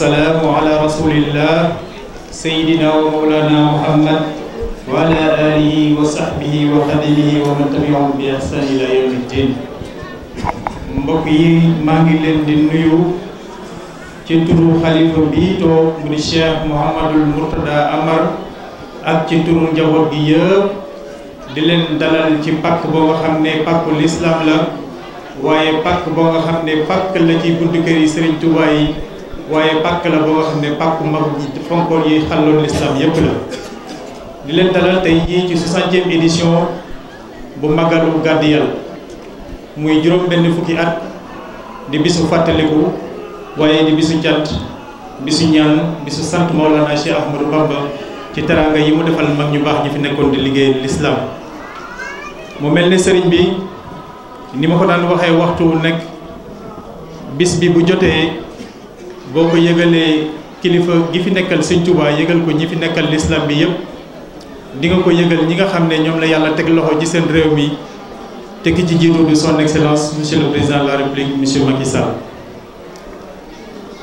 والسلام على رسول الله سيدنا ومولانا محمد وعلى آله وصحبه وخدمه ومن تبعهم بإحسان إلى يوم الدين mbokki ma ngi len di nuyu ci turu khalifa bi to mudi cheikh mohammedul murtada amar ak ci turu njabot gi yeb di len dalal ci pak bo nga pak l'islam la waye pak bo buntu keri serigne touba waaye pàkk la boo nga xam ne pàkku mag ñi fonkool yi xàlloon lislaam yépp la di leen dalal tey jii ci soixantième édition bu magalu Gàddiyal muy juróom benn fukki at di bisu fàttaliku waaye di bisu cant bisu ñaan bisu sant Maolana Cheikh Ahmadou Bamba ci teraanga yi mu defal mag ñu baax ñi fi nekkoon di liggéey lislaam mu mel ni sëriñ bi ni ma ko daan waxee waxtu nekk bis bi bu jotee boo ko yëgalee kilifa gi fi nekkal sëñ Tuubaa yëgal ko ñi fi nekkal lislam bi yëpp di nga ko yëgal ñi nga xam ne ñoom la yàlla teg loxo ci seen réew mi te ki ci jiitu di son excellence monsieur le président de la république monsieur Macky Sall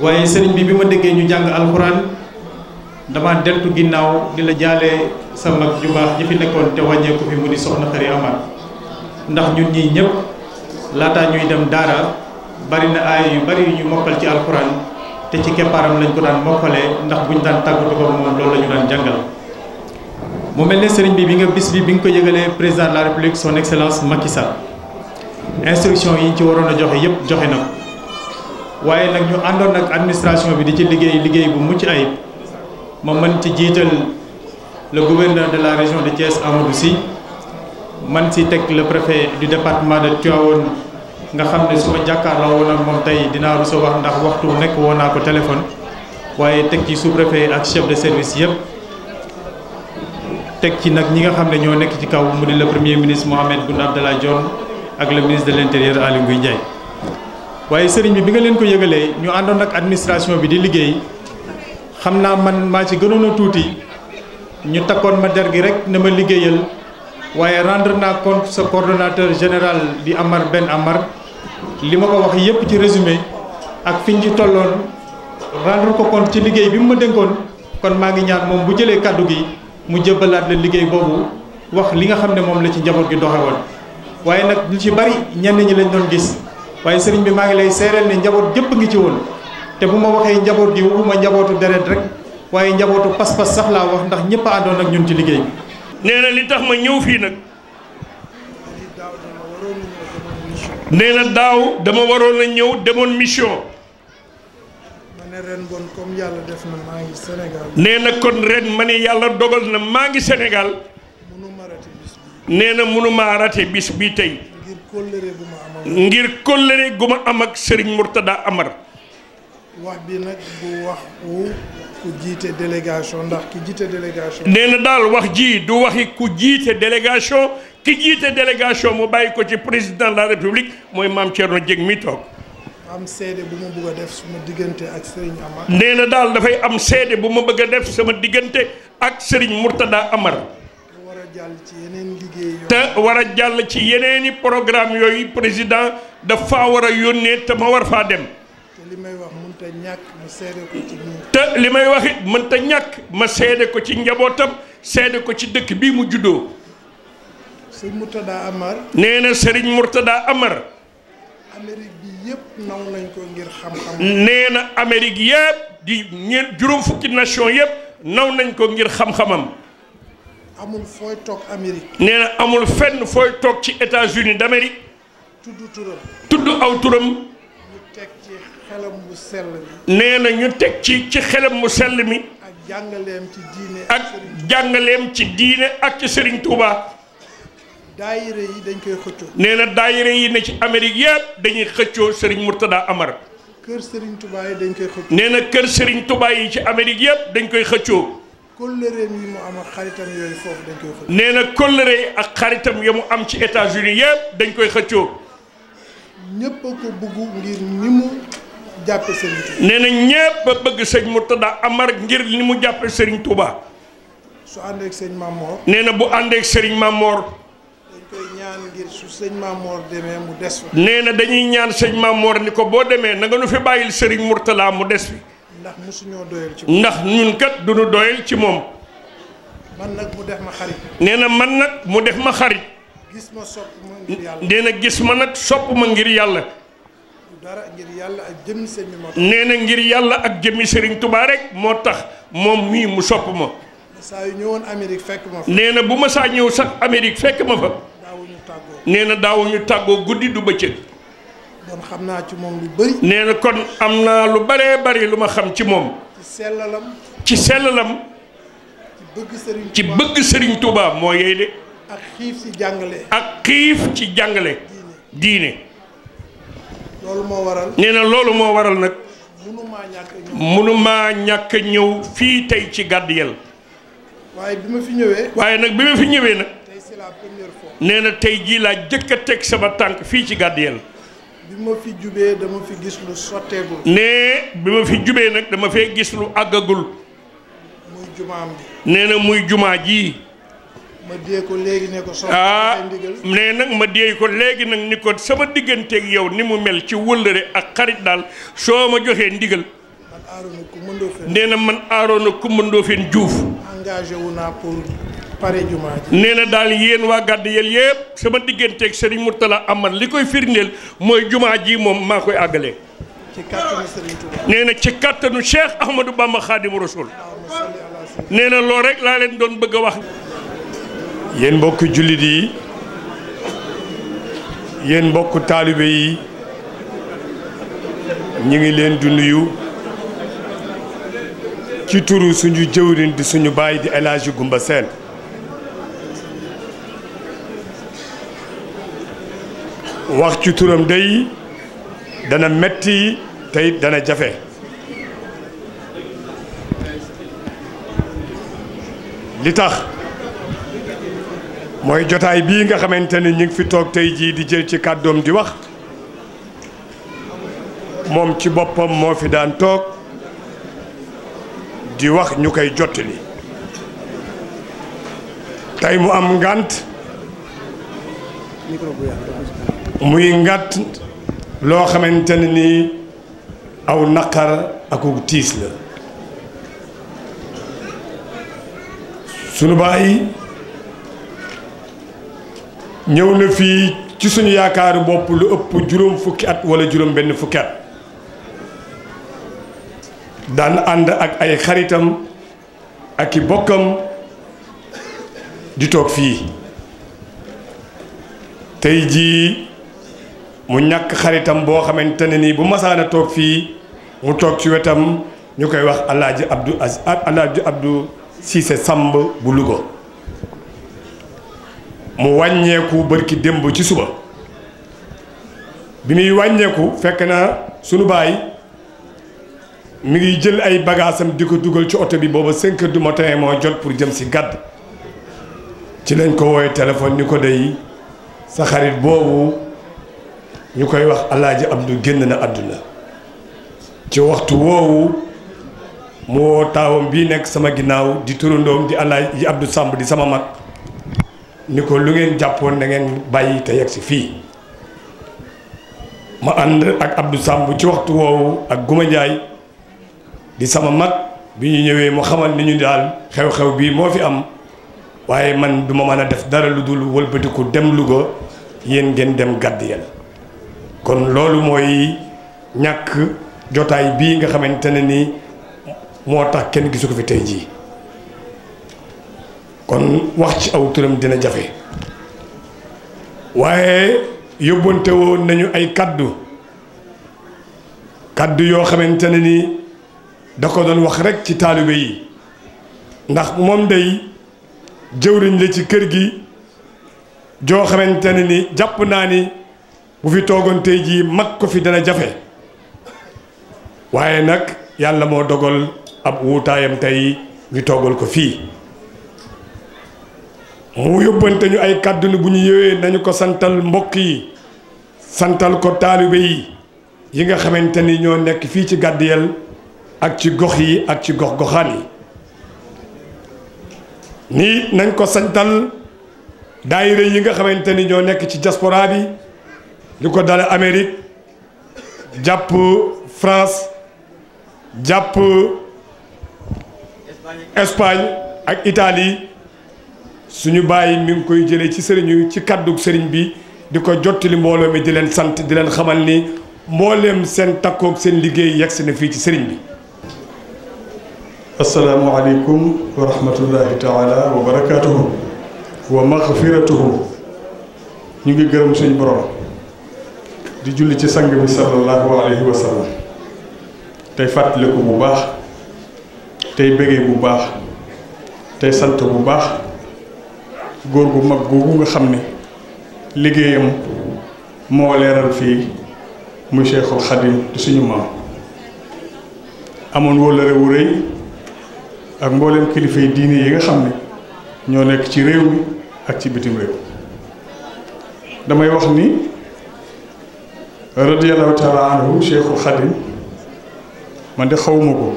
waaye sëriñ bi bi ma déggee ñu jàng alxuraan dama deltu ginnaaw di la jaalee sa mag ju baax ñi fi nekkoon te wàññeeku fi mu di soxna Xari Amaat ndax ñun ñii ñëpp laataa ñuy dem daara bari na aay yu bari yu ñu mokkal ci alxuraan te ci képaram lañ ko daan mokkalee ndax buñ daan tàggatu ko moom loolu la ñu daan jàngal mu mel ne sëriñ bi bi nga bis bi bi nga ko yëgalee président de la république son excellence Macky Sall instruction yi ci waroon a joxe yépp joxe na ko waaye nag ñu àndoon ak administration bi di ci liggéey liggéey bu mucc ayib ma mën ci jiital le gouverneur de la région de Thiès Amadou Sy man si teg le préfet du département de Tivaouane nga xam ne su ma jàkkaarloo woon ak moom tey dinaa rusa wax ndax waxtu nekk woo naa ko téléphone waaye teg ci sous préfet ak chef de service yëpp teg ci nag ñi nga xam ne ñoo ci kaw le premier ministre Mohamed Boun Abdallah Dionne ak le ministre de l' intérieur Aly Ngouille Ndiaye waaye sëriñ bi bi nga leen ko yëgalee ñu àndoon ak administration bi di liggéey xam naa man maa ci gënoon a tuuti ñu takkoon ma der gi rek na ma liggéeyal waaye rendre naa compte sa coordonnateur général di Amar Ben Amar lima ma ko wax yépp ci résumé ak fiñ ci tolloon rendre ko compte ci liggéey bi mu ma kon maa ngi ñaan moom bu jëlee kaddu gi mu jëbbalaat la liggéey boobu wax li nga xam ne moom la ci njaboot gi doxe woon waaye nag lu ci bari ñenn ñi lañ doon gis waaye sëriñ bi maa ngi lay seereel ne njaboot gépp ngi ci woon te bu ma waxee njaboot gi waxuma njabootu deret rek waaye njabootu pas-pas sax laa wax ndax ñëpp àndoon ñun ci liggéey li tax ma ñëw fii nag nee daaw dama waroon a ñëw demoon mission. nee na ren bon comme yàlla def na ngi Sénégal. nee na kon ren ma ni yàlla dogal na maa ngi Sénégal. nee na mënuma rate bis bi tey. ngir kóllëre gu ma am ak. ngir Amar. wax bi nag bu wax wu ku jiite délégation ndax daal wax ji du waxi ku jiite délégation ki jiite délégation mu bàyyi ko ci président la république mooy maam Thierno Dieng mi toog. am seede bu ma bëgg a def sama diggante ak Serigne daal dafay am seede bu ma bëgg a def sama diggante ak Serigne Mourtada Amar. te war a jàll ci yeneen liggéey te war a jàll ci yeneeni programme yooyu président dafa war a yónnee te ma war faa dem. te li may wax mënta ñàkk ma seede ko ci li may wax it ñàkk ma seede ko ci njabootam seede ko ci dëkk bi mu juddoo. sëñ Mourtada Amar. nee na Serigne Amar. Amérique bi yëpp nañ ko ngir xam nee na Amérique yëpp di ñeent juróom fukki nation yëpp naw nañ ko ngir xam-xamam. amul toog Amérique. nee amul fenn fooy toog ci États-Unis d'Amérique. tudd turam. tudd aw turam. ñu teg ci xelam mu na ñu teg ci ci xelam mu sell mi. ak jàngaleem ci diine ak. ci diine ak ci Serigne daayira yi dañ koy xëccoo. nee na daayira yi ne ci Amérique yëpp dañuy xëccoo Serigne Mourtada Amar. kër Serigne dañ koy nee na kër Serigne Touba yi ci Amérique yëpp dañ koy xëccoo. kóllëreem yi mu am ak xaritam yooyu foofu ak xaritam ya mu am ci États-Unis yëpp dañ koy xëccoo. ñëpp a ko bëgg ngir ni mu jàppe Serigne Touba. nee na ñëpp a bëgg sëñ Mourtada Amar ngir ni mu jàppe Serigne Touba. su àndeek sëñ Mamor. nee na bu àndeek Serigne Mamor. nee na dañuy ñaan sëñ Mamor ni ko boo demee na nga nu fi bàyyil sëriñ Mourtala mu des fi. ndax mosuñoo ndax ñun kat du ñu ci moom. man nag mu def ma xarit. nee na man nag mu def ma xarit. gis ma sopp ngir yàlla. na gis ma nag sopp ma ngir yàlla. dara ngir yàlla ak jëmmi sëriñ moo ngir yàlla ak jëmmi sëriñ Touba rek moo tax moom mii mu sopp ma. saa ñëwoon Amérique fekk ma na bu ma saa ñëw sax Amérique fekk ma fa. nee na daawuñu tàggoo guddi du bëccëg. kon xam naa ci moom lu kon am naa lu bare bëri lu ma xam ci moom. ci sellalam. ci sellalam. ci bëgg Serigne Touba moo yey de. ak xiif ci jàngale. ak xiif ci jàngale. diine. loolu moo waral. nee na loolu moo waral nag. mënumaa ñàkk ñëw fii tey ci Gadeyelle. waaye bi ma fi ñëwee. waaye nag bi ma fi ñëwee nag. nee na tey jii laa jëkk a teg sama tànk fii ci Gadeyelle. bi ma fi jubee dama fi gis lu sotteegul. nee bi ma fi jubee nag dama fee gis lu àggagul. muy nee na muy jumaa jii. ma dee léegi ne ko. ah nee nag ma dee ko léegi nag ni ko sama digganteeg yow ni mu mel ci wëllëre ak xarit daal soo ma joxee ndigal. man aaroon man aaroon na ku mëndoo juuf. engagé wu naa pour. pare jumaa nee na daal yéen waa Gàddayel yépp sama digganteeg Serigne Mourtala Amar li koy firndeel mooy jumaa ji moom maa koy àggalee. ci ci kàttanu Cheikh Ahmadou Bamba Khadim Rasoul nee na loolu rek laa leen doon bëgg a wax. yéen mbokk jullit yi yéen mbokku taalibe yi ñu ngi leen di nuyu ci turu suñu jëwriñ di suñu baay di El Hadji Goumba wax ci turam day dana metti tey dana jafe li tax mooy jotaay bii nga xamante ni ñu ngi fi toog tey jii di jël ci kàddoom di wax moom ci boppam moo fi daan toog di wax ñu koy jottali tey mu am ngànt muy ngàtt loo xamante ne nii aw naqar akuk tiis la sunu baay ñëw na fii ci suñu yaakaaru bopp lu ëpp juróom fukki at wala juróom benn fukki at daan ànd ak ay xaritam ak i bokkam di toog fii tey jii mu ñàkk xaritam boo xamante ne nii bu masaan a toog fii mu toog ci wetam ñu koy wax alaaji abdu as alaaji abdu siise sàmb bu Louga mu wàññeeku bërki démb ci suba bi muy wàññeeku fekk na sunu baay mi ngi jël ay bagaasam di ko dugal ci oto bi booba cinq heures du moo jot pour jëm si gàdd ci lañ ko woowee téléphone ni ko dey sa xarit boobu ñukoy wax alaaji Abdou genn na aduna ci waxtu woowu mu tawam sama nek sama ginaaw di turundom di alaaji Abdou Samb di sama mak niko lu ngeen jappon na ngeen bayyi te si ma and ak Abdou Samb ci waxtu woowu ak Guma jaay di sama mak bi ñu ñëwee mu xamal ni ñu dal xew-xew bi mo fi am waye man duma mëna def dara lu dul dem go yeen ngeen dem yalla kon loolu mooy ñàkk jotaay bii nga xamante ne ni moo tax kenn gisu ko fi tey jii kon wax ci aw turam dina jafe waaye yóbbante woon nañu ay kàddu kàddu yoo xamante ne ni da ko doon wax rekk ci taalibe yi ndax moom day jëwriñ la ci kër gi joo xamante ne ni jàpp naa ni bu fi toogoon tey jii mag ko fi dana jafe waaye nag yàlla moo dogal ab wuutaayam tey ñu toogal ko fii mu yóbbante ñu ay kàddu bu ñu yéwee nañu ko santal mbokk yi santal ko taalibe yi yi nga xamante ni ñoo nekk fii ci gàddiyel ak ci gox yi ak ci gox goxaan yi nii nañ ko santal daayira yi nga xamante ni ñoo nekk ci diaspora bi li ko dale Amérique jàpp France jàpp Espagne ak Italie suñu bàyyi mi ngi koy jëlee ci sëriñu ci kàddu sëriñ bi di ko jottali mbooloo mi di leen sant di leen xamal ni mbooleem seen takkoog seen liggéey yegsi na fii ci sëriñ bi asalaamualeykum wa rahmatullahi taala wa barakatuhu wa maghfiratuhu ñu ngi gërëm suñu borom di julli ci sang bi sallallahu alayhi wa sallam tey fàttaliku bu baax tey bëggee bu baax tey sant bu baax góor gu mag googu nga xam ni liggéeyam moo leeral fii muy Cheikhul Khadim di suñu maam amoon wóllëre wu rëy ak mbooleem kilifay yi diine yi nga xam ni ñoo nekk ci réew mi ak ci bitim réew damay wax ni radiyallahu taala anhu cheikhul xadim man de xawma ko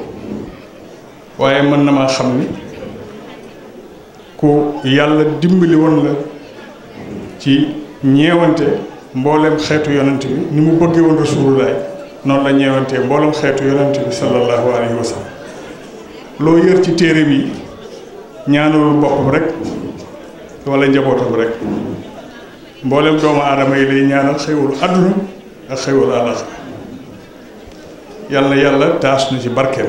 waaye mën na maa xam ni ku yàlla dimbali woon la ci ñeewante mboolem xeetu yonent bi ni mu bëggee woon rasululaay noonu la ñeewante mboolem xeetu yonent bi sallallahu alayhi wa loo yër ci téere bi ñaanalul boppam rek walla njabootam rek mboolem doomu aadama yi lay ñaanal xewul àdduna أخيو لا نظر يلا يلا تاس نجي بركل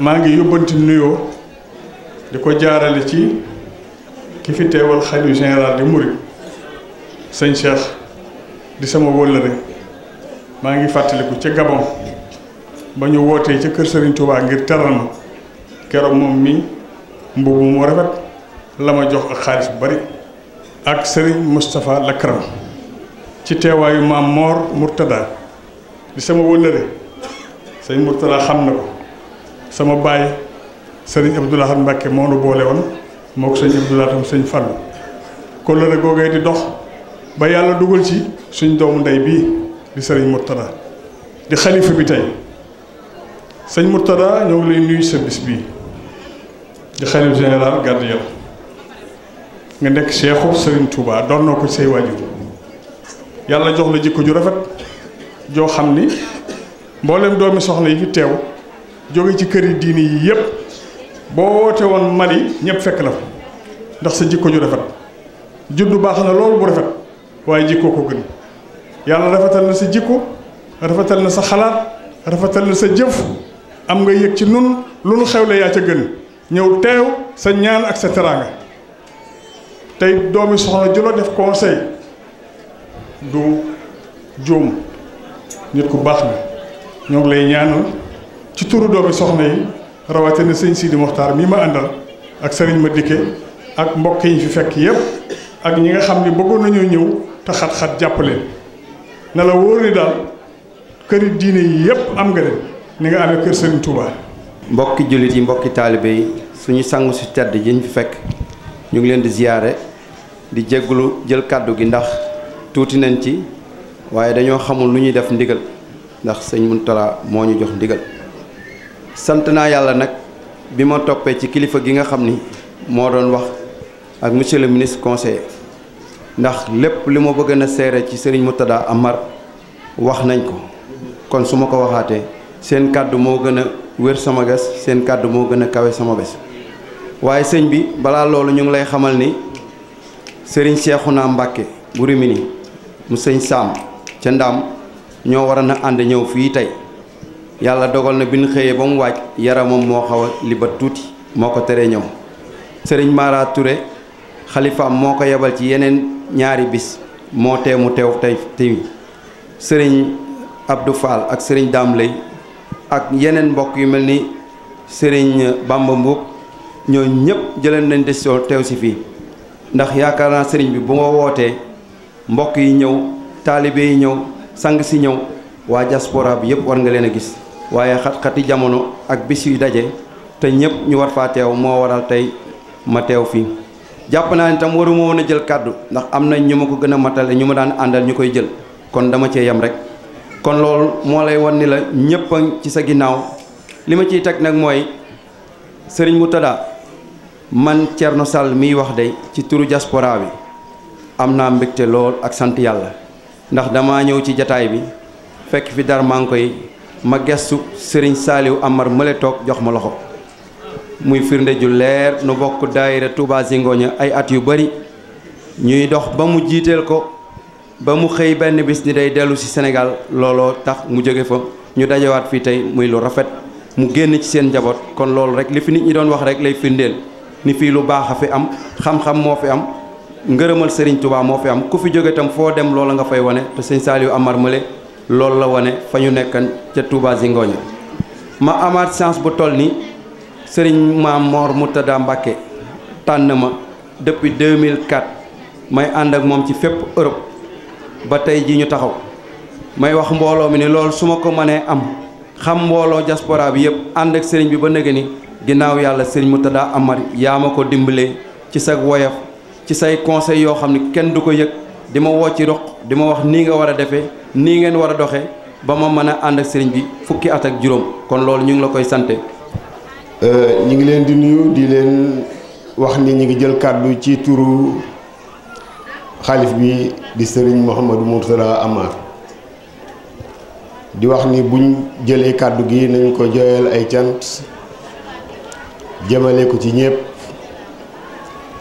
ما نجي يبنت نيو لكو جارة لتي كيف تقول خلي جنرال لموري سين شيخ دي سمو بولري ما نجي فاتلي كو تجابون بنيو واتي تكر سرين توبا غير ترم كرم مومي مبوب مورفت لما جوخ خالص بري أكسري مصطفى لكرم ci teewaayu maam Mor Mourtada di sama wëllëre sëñ Mourtada xam na ko sama baay sëriñ Abdoulaye Mbacke moom nu boole woon moo ko sëñ Abdoulaye tam sëñ Fallu kóllëre googee di dox ba yàlla dugal ci suñ doomu ndey bii di sëriñ Mourtada di xalifa bi tey sëñ Mourtada ñoo ngi lay nuyu sa bis bii di xalifa général gardien nga nekk Seexu Sëriñ Touba doon na ko say waajur yàlla jox la jikko ju rafet joo xam ni mboolem doomi soxna yi fi teew jóge ci kër yi diini yi yëpp boo woote woon Mali ñëpp fekk la fa ndax sa jikko ju rafet juddu baax na loolu bu rafet waaye jikkoo ko gën yàlla rafetal na sa jikko rafetal na sa xalaat rafetal na sa jëf am nga yëg ci nun lu nu xewle yaa ca gën ñëw teew sa ñaan ak sa teraanga tey doomi soxna ju la def conseil du juum nit ku baax la ñoo ngi lay ñaanal ci turu doomi soxna yi rawatina sëñ Sidi Moxtaar mi ma àndal ak sëriñ ma dikke ak mbokk yi fekk yépp ak ñi nga xam ni bëggoon nañu ñëw te xat-xat jàpp leen ne la wóor ni daal këri diine yi yépp am nga leen ni nga amee kër sëriñ Touba. mbokki jullit yi mbokki taalibe yi suñu sangu si tedd yi ñu fi fekk ñu ngi leen di ziyaare di jégglu jël kàddu gi ndax tuuti nañ ci waaye dañoo xamul lu ñuy def ndigal ndax sëñ Muntala moo ñu jox ndigal sant naa yàlla nag bi ma toppee ci kilifa gi nga xam ni moo doon wax ak monsieur le ministre conseiller ndax lépp li bëgg na seere ci sëriñ Amar wax nañ ko kon su ma ko waxaatee seen kàddu moo gën a sama gas seen kàddu moo gën a kawe sama bés waaye sëñ bi balaa loolu ñu ngi lay xamal ni sëriñ cheikhuna Mbàkke mu sëñ Saam ca Ndam ñoo waroon a ànd ñëw fii tey yàlla dogal na bi ñu xëyee ba mu waaj yaramam moo xaw a libat tuuti moo ko teree ñëw sëriñ Mara Touré xalifaam moo ko yebal ci yeneen ñaari bis moo tee mu teew tey tey sëriñ Abdou Fall ak sëriñ Dame Lay ak yeneen mbokk yu mel ni sëriñ Bamba Mbuub ñoo ñëpp jëleen nañ décision teew si fii ndax yaakaar naa sëriñ bi bu ma wootee mbokk yi ñew talibé yi ñew sang si ñew wa diaspora bi yépp war nga leena gis waye xat-xati jamono ak bis yu daje te ñepp ñu war fa téw mo waral tay ma téw fi japp naa tam waru mo wona jël kaddu ndax am nañ ñu ko gën matale ñu ma daan andal ñukoy jël kon dama ci yam rek kon lool mo lay wan ni la ñepp ci sa ginnaw lima ci tek nak moy serigne sëriñ man Thierno sal mi wax de ci turu diaspora bi am naa mbégte lool ak sant yàlla ndax dama ñëw ci jataay bi fekk fi dara maa ngi koy ma gestu sëriñ saaliw amar mële toog jox ma loxo muy firnde ju leer nu bokk daayira Touba Zingoña ay at yu bari ñuy dox ba mu jiiteel ko ba mu xëy benn bis ni day dellu ci Sénégal looloo tax mu jóge fa ñu dajawaat fii tey muy lu rafet mu génn ci seen njaboot kon loolu rek li fi nit ñi doon wax rek lay firndeel ni fii lu baax a fi am xam-xam moo fi am ngërëmal Serigne Touba moo fi am ku fi jóge tam foo dem loola nga fay wane te sëñ Saliou Amar Mële loolu la wane fa ñu nekkan ca Touba Zingoña ma amaat chance bu toll ni sëriñ Maam Mor Moutada Mbacke tànn ma depuis 2004 may ànd ak moom ci fépp Europe ba tey ji ñu taxaw may wax mbooloo mi ni loolu su ma ko mënee am xam mbooloo diaspora bi yëpp ànd ak sëriñ bi ba nëgë ni ginnaaw yàlla sëriñ Moutada Amar yaa ma ko dimbalee ci sag woyof ci say conseil yoo xam ne kenn du ko yëg di ma woo ci ruq di ma wax nii nga war a defee nii ngeen war a doxee ba ma mën a ànd ak sëriñ bi fukki at ak juróom kon loolu ñu ngi la koy sante euh, ñi ngi leen di nuyu di leen wax ni ñu ngi jël kàddu ci turu xalif bi di sëriñ Mouhamadou Mourtala Amar di wax ni buñ jëlee kàddu gi nañ ko joyal ay cant jëmale ko ci ñëpp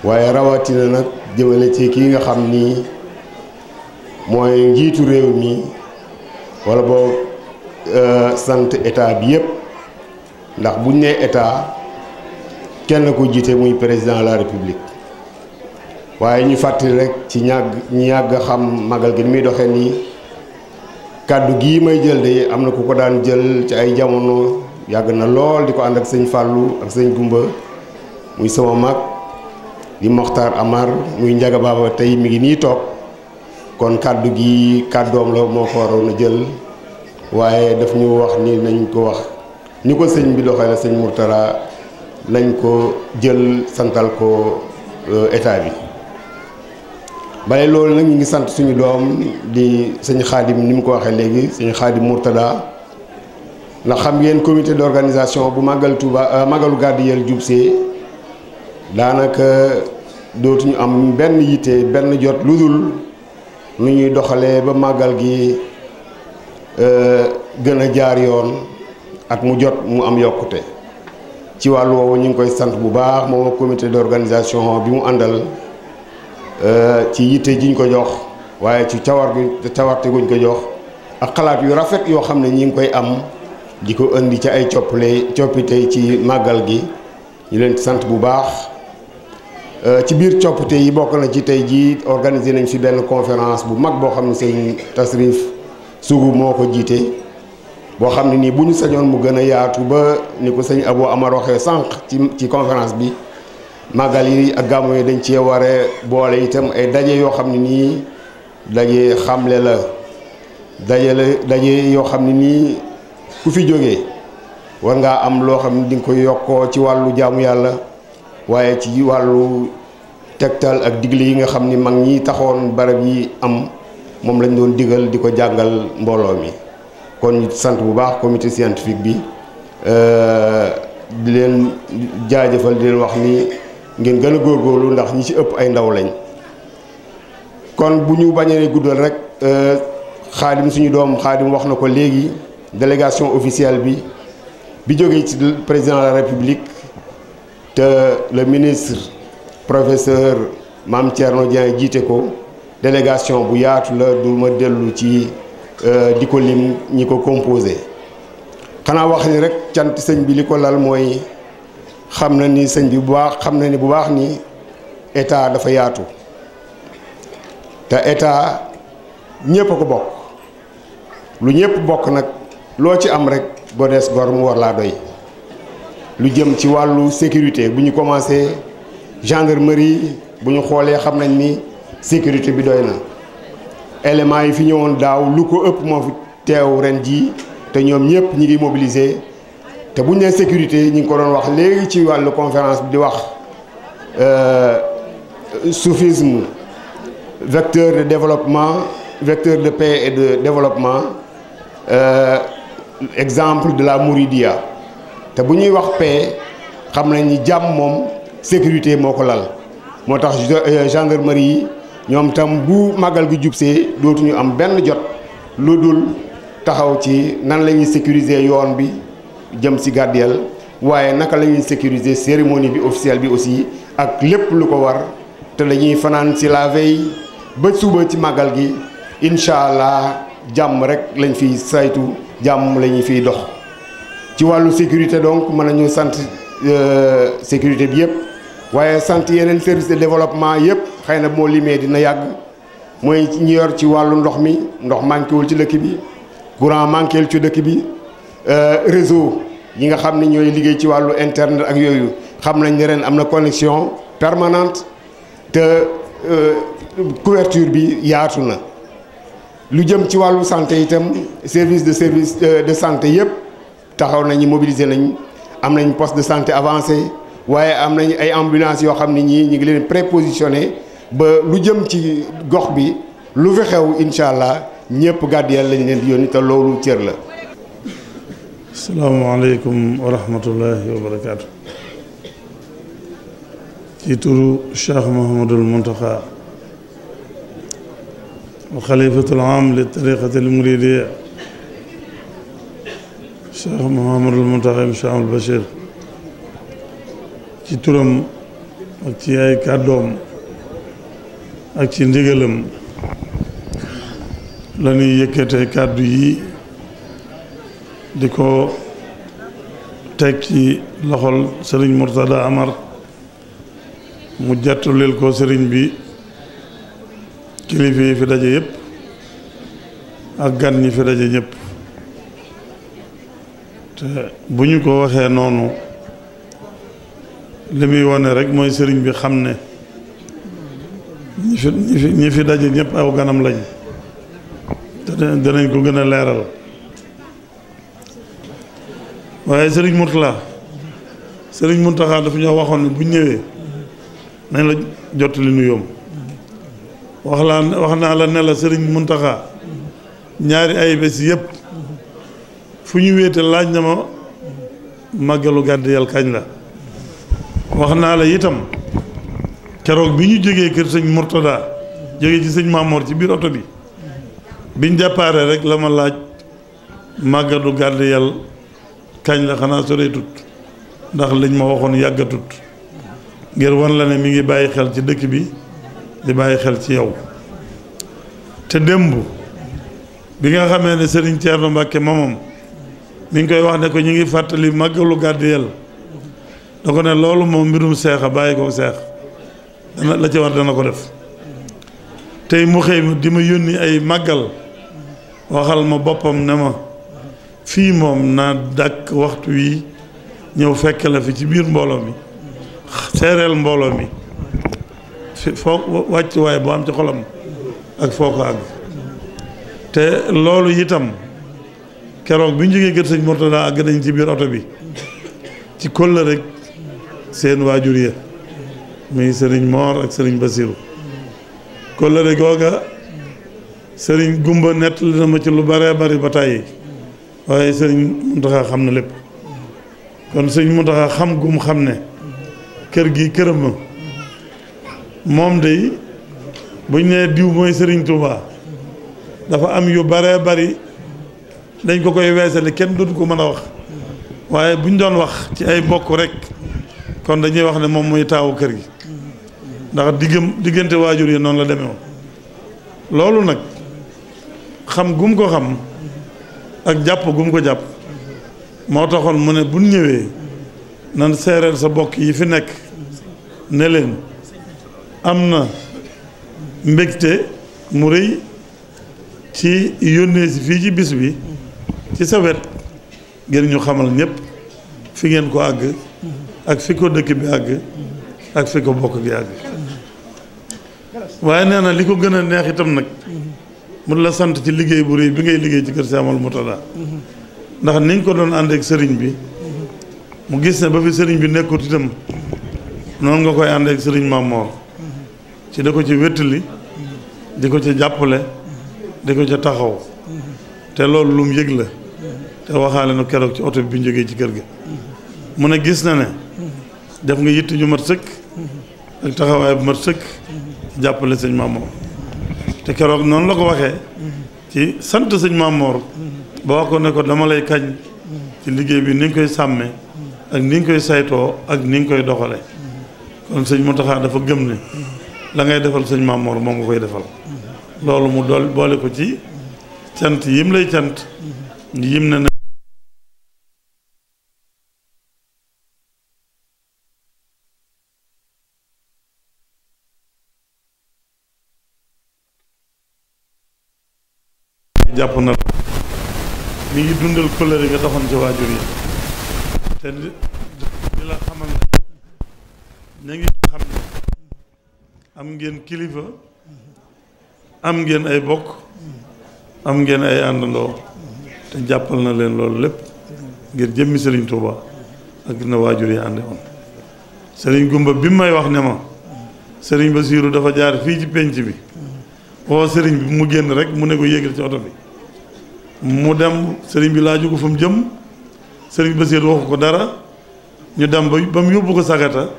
waaye rawatina nag jëmale ci kii nga xam ni mooy njiitu réew mi wala boo euh, sant état bi yépp ndax buñ nee état kenn ko jiite muy président la république waaye ñu fàttali rekk ci ñàgg ñu yàgg xam magal gi ni muy doxee nii kàddu gii may jël de am na ku ko daan jël ci ay jamono yàgg na lool di ko ànd ak sëñ Fàllu ak sëñ Gumba muy sama mag di Mokhtar Amar muy Njaga Baaba tey mi ngi nii toog kon kàddu gi doom la moo ko waroon a jël waaye daf ñu wax ni nañ ko wax ni ko sëñ bi doxale sëñ Mourtala nañ ko jël santal ko euh, état bi bale loolu nag ñu ngi sant suñu doom di sëñ xaadim ni mu ko waxee léegi sëñ xaadim Mourtada ndax xam ngeen comité d'organisation bu màggal Touba euh, màggalu Gade Yelle jubsee daanaka dootuñu am benn yitte benn jot lu dul nu ñuy doxalee ba màggal gi euh, gën a jaar yoon at mu jot mu am yokkute ci wàllu woowu ñu ngi koy sant bu baax moom comité d'organisation bi mu àndal euh, ci yitte ji ñu ko jox waaye ci cawar gu cawarte guñ ko jox ak xalaat yu rafet yoo xam ne ñi ngi koy am di ko indi ci ay coppile coppite ci màggal gi ñu leen sant bu baax Euh, ci biir coppite yi bokk na ci tey jii organiser nañ fi benn conférence bu mag boo xam ne sëñ Tasrif Sougou moo ko jiite boo xam ne nii bu ñu sañoon mu gën a yaatu ba ni ko sañ Abou Amar waxee sànq ci ci conférence bi màggal yi ak gàmmu yi dañ cee waree boole itam ay daje yoo xam ne nii daje xamle la daje la daje yoo xam ne nii ku fi jógee war ngaa am loo xam ne di nga koy yokkoo ci wàllu jaamu yàlla waaye ci wàllu tektal ak digli yi nga xamni mag ñi taxoon barab yi am mom lañ doon digal di ko mbolo mi kon ñu sant bu baax comité scientifique bi euh, di leen jaajeufal di leen wax ni ngeen gën goor ndax ñi ci ëpp ay ndaw lañ kon bu ñu bañee guddal rek euh, xaadim suñu doom xaadim wax na ko délégation officielle bi bi joggé ci président de la république te le ministre professeur Mame Tierno Dieng ko délégation bu yaatu la du ma dellu ci euh, di ko lim ko composé xanaa wax ni rek cant sëñ bi li ko lal ni bi bu ni état dafa yaatu ta état ñépp ko bokk lu ñépp bokk nag loo ci am sécurité bu ñu gendarmerie bu ñu xoolee xam ni sécurité bi doy na éléments yi fi ñëwoon daaw lu ko ëpp moo fi teew ren jii te ñëpp ñi ngi mobiliser te bu ñu sécurité ñi ngi ko doon wax léegi ci conférence bi di wax euh, soufisme vecteur de développement vecteur de paix et de développement euh, exemple de la Mouridia te bu wax paix comme nañ ni jàmm moom sécurité mon lal motax euh, gendarmerie ñom tam bu gu gi jubsee ñu am benn jot taxaw nan sécuriser yoon si gardiel, waye naka la cérémonie officielle bi aussi ak lepp lu ko war te lañuy la veille ba suba ci magal gi inshallah jam rek lañ fiy saytu dox ci sécurité donc euh, sécurité bi waaye sant yeneen service de développement yëpp xëy na moo limee dina yàgg mooy ñu yor ci wàllu ndox mi ndox manquéwul ci dëkk bi courant manquéwul ci dëkk bi euh, réseau yi nga xam ne ñooy liggéey ci wàllu internet ak yooyu xam nañ ne ren am na connexion permanente te euh, couverture bi yaatu na lu jëm ci wàllu santé itam service de service euh, de santé yëpp taxaw nañu mobiliser nañ am nañ poste de santé avancé waye am nañ ay ambulance yo xamni ñi ñi ngi leen prépositionné ba lu jëm ci gox bi lu fi xew inshallah ñëpp gadd yàlla lañ leen yoni yónni te loolu cër la. assalamu alaykum wa rahmatullahi wa barakatuh ci turu Cheikh Mouhamadul muntaha wa xalifatul am li al muridiyya Cheikh Mouhamadul muntaha Cheikh Al bashir ci turam ak ci ay kaddom ak ci ndigalam la ñuy kaddu yi diko tek ci loxol serigne Murtada Amar mu jattulel ko serigne bi kiri fi daje yëpp ak gan ñi fi daje ñëpp bu ko waxé nonu li muy wone rek mooy sëriñ bi xam ne ñi fi ñi fi ñi fi daje ñëpp aw ganam lañ danañ ko gën a leeral waaye sëriñ Mourtala sëriñ Mountakha dafa ñoo waxoon ne bu ñëwee nañ la jot li wax laa wax naa la ne la sëriñ Mountakha ñaari ay bés yëpp fu ñu wéete laaj na ma màggalu Gàddiel kañ la wax naa la itam keroog bi ñu jógee kër sëñ Mourtada jógee ci sëñ Mamor ci biir oto bi biñ jàppaaree rek la ma laaj màggadu gàdd yàlla kañ la xanaa soreetut ndax lañ ma waxoon yàggatut ngir wan la ne mi ngi bàyyi xel ci dëkk bi di bàyyi xel ci yow te démb bi nga xamee ne Serigne Thierno Mbacke mamam mi ngi koy wax ne ko ñu ngi fàttali màggalu gàdd yàlla da ko ne loolu moom mbirum seex a bàyyi ko seex dana la ca war dana ko def tey mu xëy ma di ma yónni ay màggal waxal ma boppam ne ma fii moom naa dàkk waxtu wi ñëw fekk la fi ci biir mbooloo mi seereel mbooloo mi foo wàcc waaye bu am ci xolam ak foo ko àgg te loolu itam keroog bi ñu jógee kër sëñ Mourtada àgg nañ ci biir oto bi ci kóllëre rek seen waajur ya muy sëriñ Moor ak sëriñ Basiru kóllëre googa sëriñ Gumba nettali na ma ci lu bare bari ba tàyyi waaye sëriñ Muntaxa xam na lépp kon sëriñ Muntaxa xam gum xam ne kër gi këram ma moom day buñ nee diw mooy sëriñ Touba dafa am yu bare bari dañ ko koy weesale kenn dootu ko mën a wax waaye buñ doon wax ci ay bokk rek kon dañuy wax ne moom mooy taawu kër gi ndax diggam diggante waajur yi noonu la demee loolu nag xam gum ko xam ak jàpp gum ko jàpp moo taxoon mu ne bu ñëwee nan seereel sa bokk yi fi nekk ne leen am na mbégte mu rëy ci yónnee si fii ci bis bi ci sa wet ngeen ñu xamal ñépp fi ngeen ko àgg ak fi ko dëkk bi àgg ak fi ko bokk gi àgg waaye nee na li ko gën a neex itam nag mun la sant ci liggéey bu réy bi ngay liggéey ci kër si amal Murtada ndax ni ko doon àndeek sëriñ bi mu gis ne ba fi sëriñ bi nekkut itam noonu nga koy àndeek sëriñ Mamor ci da ko ci wéttali di ko ci jàppale di ko ca taxaw te loolu lum yëg la te waxaale nu keroog ci oto bi bi ñu jógee ci kër gi mu ne gis na ne def nga yitt ju mat sëkk ak taxawaay bu mat sëkk jàppale sëñ Mamor te keroog noonu la ko waxee ci sant sëñ Mamor ba wax ko ne ko dama lay kañ ci liggéey bi ni koy sàmmee ak ni nga koy saytoo ak ni nga koy doxale kon sëñ Mountakha dafa gëm ne la ngay defal sëñ Mamor moo nga koy defal loolu mu dool boole ko ci cant yim lay cant yim ne jàpp na la mi ngi dundal kóllëre nga doxoon ci waajur yi te di la xamal ne ña ngi xam ne am ngeen kilifa am ngeen ay bokk am ngeen ay àndandoo te jàppal na leen loolu lépp ngir jëmmi sëriñ Touba ak na waajur yi ànde woon Serigne Gumba bi may wax ne ma sëriñ ba Basirou dafa jaar fii ci penc bi woo Serigne bi mu génn rek mu ne ko yéegal ci oto bi mu dem serigne bi laaju ko fam jëm serigne Basiir wax ko dara ñu dem ba bam yobbu ko sagata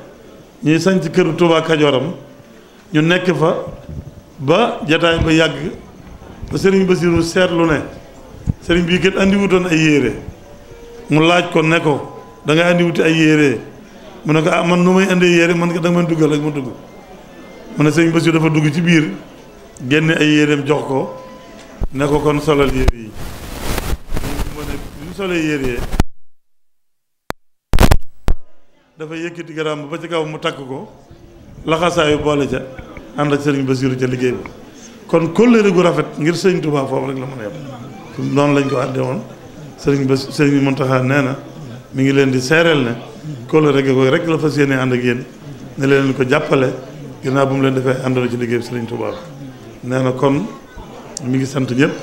ñi sañ ci këru Tuubaa ñu nekk fa ba jotaay ba yàgg ba sëriñ set lu ne serigne bi geet andi wuton ay yere mu laaj ko ne ko da nga andi wuti ay yere mu ne ko ah man numay andi yere yére man da nga duggal ak mu dugg mu ne serigne dafa dugg ci bir genn ay yereem jox ko ne ko kon solal yere solee yére dafa yëkkati garaam ba ci kaw mu takk ko laxasaayu boole ca ànd ak sëriñ Basiiru ca liggéey ba kon kóllëre gu rafet ngir sëriñ Touba foofu rek la mën a yem noonu lañ ko àddee woon sëriñ ba sëriñ Muntaxa nee na mi ngi leen di seereel ne kóllëre gi ko rek la fas yéene ànd ak yéen ne leen ko jàppale ginnaaw bu mu leen defee àndoon ci liggéey bi sëriñ Touba nee na kon mu ngi sant ñëpp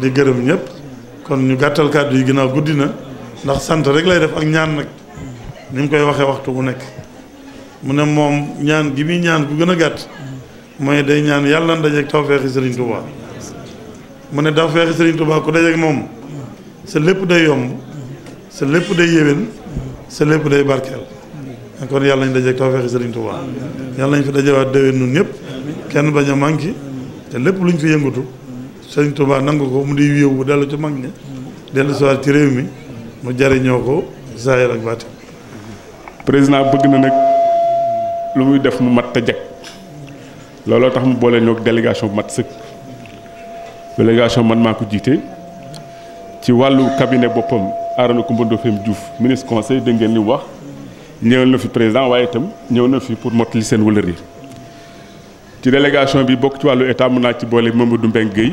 di gërëm ñëpp kon ñu gàttal kàddu yi ginnaaw guddi na ndax sant rek lay def ak ñaan nag ni mu koy waxee waxtu bu nekk mu ne moom ñaan gi muy ñaan ku gën a gàtt mooy day ñaan yàlla na dajeeg tawfeexi Serigne Touba mu ne tawfeexi Serigne Touba ku dajeeg moom sa lépp day yomb sa lépp day yéwén sa lépp day barkeel kon yàlla nañ dajeeg tawfeexi Serigne Touba yàlla nañ fi dajewaat déwén nun ñëpp kenn bañ a manqué te lépp lu luñ fi yëngatu. sëñ Touba nangu ko mu wéew bu dellu ci mag ña dellu si ci réew mi mu jariñoo ko zaahir ak baatin président bëgg na nag lu muy def mu mat te jag looloo tax mu boole ñoo délégation bu mat sëkk délégation man maa ko jiite ci wàllu cabinet boppam Arona Coumba Ndoffène Diouf ministre conseil dégg ngeen li wax ñëw na fi président waaye itam ñëw na fi pour mottali seen wëlër yi ci délégation bi bokk ci wàllu état mun naa ci boole Mamadou Mbengue Guèye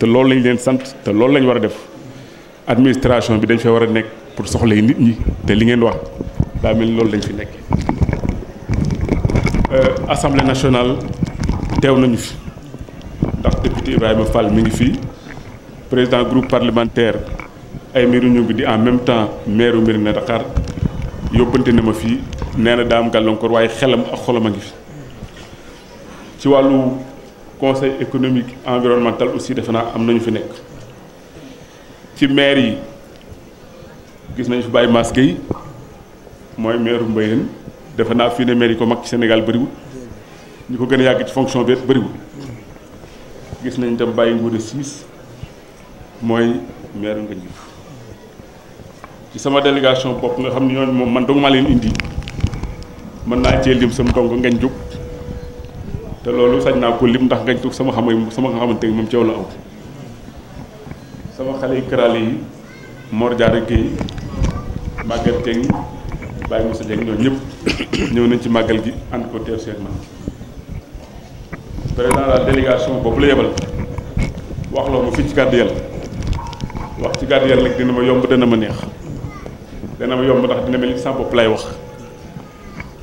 te loolu lañ leen sant te loolu lañ war a def administration bi dañ fee war a nekk pour soxlay nit ñi te li ngeen wax daa mel loolu lañ fi nekk euh, assemblée nationale teew nañu fi ndax député Ibrahima Fall mi ngi fi président groupe parlementaire ay miru ñu ngi di en même temps maire Mérina Dakhar yóbbante na ma fii nee na daa gàllankoor waaye xelam ak xolam a ngi fi ci wàllu conseil économique environnemental aussi defe naa am nañu fi nek ci maire yi gis nañu fi Baye Mass Gueye moy maire Mbayeen defe fi fii ne maire ko mak ci Sénégal bëriwul ñu ko gën a ci fonction bi bari wul gis nañ tam Baye Ngouda 6 moy maire Ngandiouf ci sama délégation bop nga xamni ñoo ñooñu man dong maa leen indi man naa cee lim sama dong Ngandiouf te loolu sañ naa ko lim ndax ngañ tuk sama xamay sama nga xamante moom coow la aw sama xale yi këraale yi mor jaare géey màggal jeng bàyyi musa jeng ñoo ñëpp ñëw nañ ci màggal gi ànd ko teew seen man président la délégation boobu la yebal wax la mu fi ci gàddu yàlla wax ci gàddu yàlla dina ma yomb dana ma neex dana ma yomb ndax dina mel ni sa bopp lay wax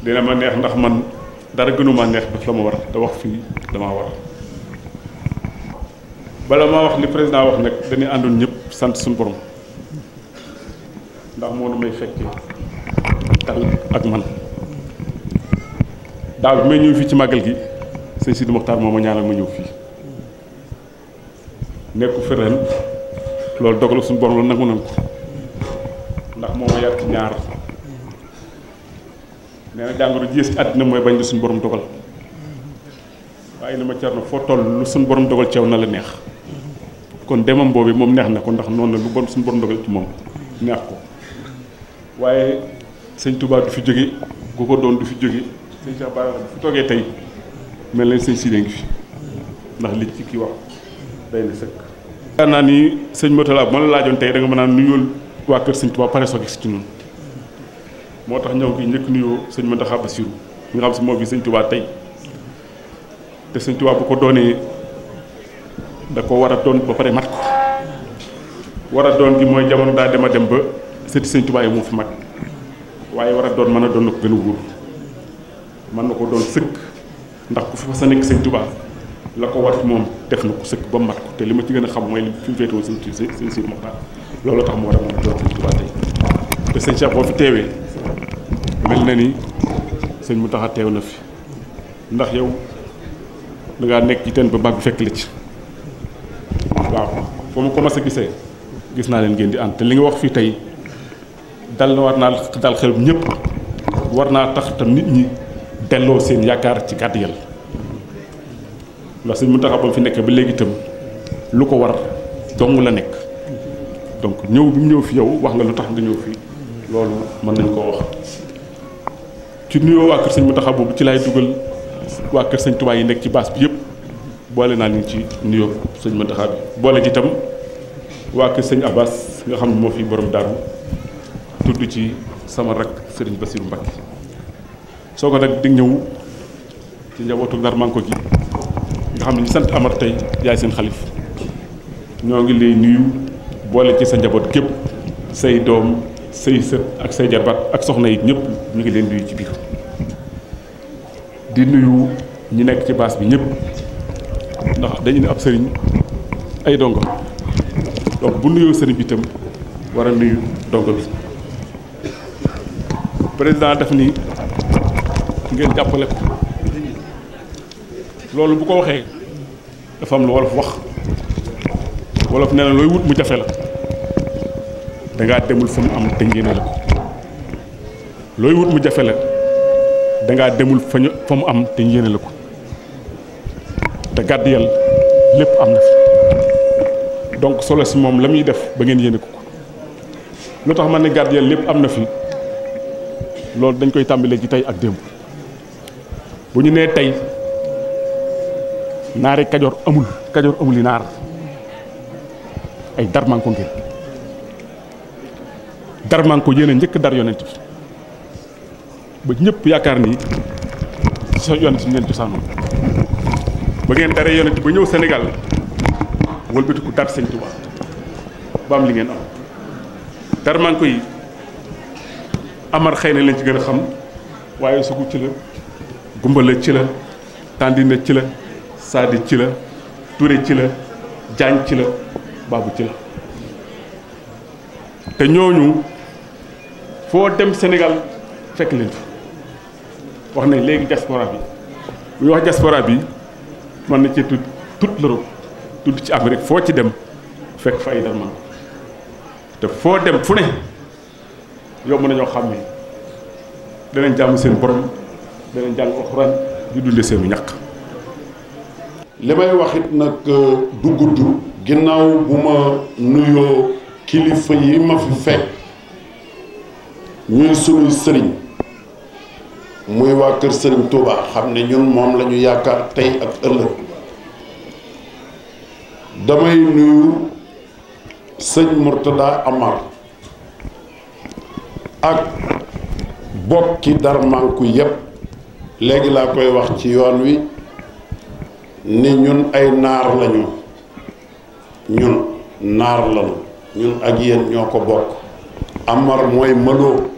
dina ma neex ndax man dara gënuma neex daf la ma war te wax fii damaa war bala maa wax li président wax nag dañuy àndoon ñëpp sant suñu borom ndax moo nu may fekkee tal ak man daal bi may ñëw fii ci màggal gi sëñ Sidi Mokhtar moom ma ñaanal ma ñëw fii nekku fi ren loolu dogal suñu borom la nangu nan ndax moo ma yar ci ñaar nee na jàngoro ji ci àddina mooy bañ lu suñ borom dogal waaye ni ma car na foo toll lu suñu borom dogal ceew na la neex kon demam boobu moom neex na ko ndax noon na lu bon suñ borom dogal ci moom neex ko waaye sëñ tubaab du fi jóge ku ko doon du fi jóge sëñ Cheikh Bara toogee tey mel nañ sëñ Sidé ngi fi ndax li ci kii wax day na sëkk. yaakaar naa ni sëñ Motala laa ma la laajoon tey danga mën a nuyul waa kër sëñ Touba pare soo gis ci noonu. moo tax ñëw gi njëkk nuyoo sëñ Mountakha Bassirou nga xam si moo fi sëñ Touba tey te sëñ Touba bu ko doonee da ko war a doon ba pare mat ko war a doon gi mooy dem a ba sëti sëñ moo fi mag waaye war doon mën a doon na ko gën a mën na ko doon sëkk ndax ku fi fa sa nekk war moom def na ko sëkk ba mat ko te li ma ci gën a xam mooy li fi féetewoo sëñ sëñ Sidi tax moo war a mën a doon sëñ Touba tey te sëñ Cheikh boo fi teewee. mel na ni sëñ mu taxa teew na fi ndax yow dangaa nekk ci teen ba bàgg fekk la ci waaw foo ma commencé gisee gis naa leen ngeen di ànd te li nga wax fii tey dal na war naa dal xel ñëpp war naa tax tam nit ñi delloo seen yaakaar ci gàdd yàlla ndax sëñ mu taxa ba fi nekk ba léegi itam lu ko war dong la nekk donc ñëw bi ñëw fi yow wax nga lu tax nga ñëw fii loolu mën nañ koo wax ci nuyoo waa kër sëñ Mountakha boobu ci laay dugal waa kër sëñ Touba yi nekk ci baas bi yëpp boole naa leen ci nuyoo sëñ Mountakha bi boole ci itam waa kër sëñ Abbas nga xam ne moo fi borom daaru tudd ci sama rakk sëriñ Bassirou Mbacké soo ko nag di ñëw ci njabootu Ndar Manko gi nga xam ne ñu sant Amar tey yaay seen xalif ñoo ngi lay nuyu boole ci sa njaboot képp say doom sëy sët ak say jarbaat ak soxna yi ñëpp ñu ngi leen nuyu ci biir di nuyu ñu nekk ci baas bi ñëpp ndax dañu ne ab sëriñ ay dongo donc bu nuyoo sëriñ bi itam war a nuyu dongo bi président daf ni ngeen jàppale ko loolu bu ko waxee dafa am lu wolof wax wolof nee na looy wut mu jafe la da demul fu mu am te ngéene la ko looy wut mu jafe la dangaa demul fa ñu fa mu am te ngéene la ko te gàdd yàlla lépp am na fi donc solo si moom la muy def ba ngeen yéene ko lu tax man ne gàdd yàlla lépp am na fi loolu dañ koy tàmbalee ci tey ak démb bu ñu nee tey naari kajoor amul kajoor amul yi naar ay darman ko ngir dar maa ngi ko yéene njëkk dar yonent bi ba ñëpp yaakaar ni sa yonent bi ngeen cosaanoo ba ngeen daree yonent ba ñëw Sénégal wëlbatiku dar Sëñ Tuubaa ba am li ngeen am dar maa amar xëy na leen ci gën a xam waaye sugu ci la gumbala ci la tàndina ci la saadi ci la ture ci la jaañ ci la baabu ci la te ñooñu foo dem Sénégal fekk leen fa wax nañ léegi diaspora bi bu ñu wax diaspora bi mën na ci tudd toute l'Europe tudd ci Amérique foo ci dem fekk fa ay darman te foo dem fu ne yomb nañoo xam ne danañ jàmm seen borom danañ jàng alxuraan di dunde seenu ñàkk li may wax it nag euh, du gudd ginnaaw bu ma nuyoo kilifa yi ma fi fekk ñuy sunuy sëriñ muy waa kër sëriñ Touba xam ne ñun moom la ñu yaakaar tey ak ëllëg damay nuyu sëñ Mourtada Amar ak bokki darmanku yépp léegi laa koy wax ci yoon wi ni ñun ay naar lañu ñun naar lañu ñun ak yéen ñoo ko bokk Amar mooy mëloo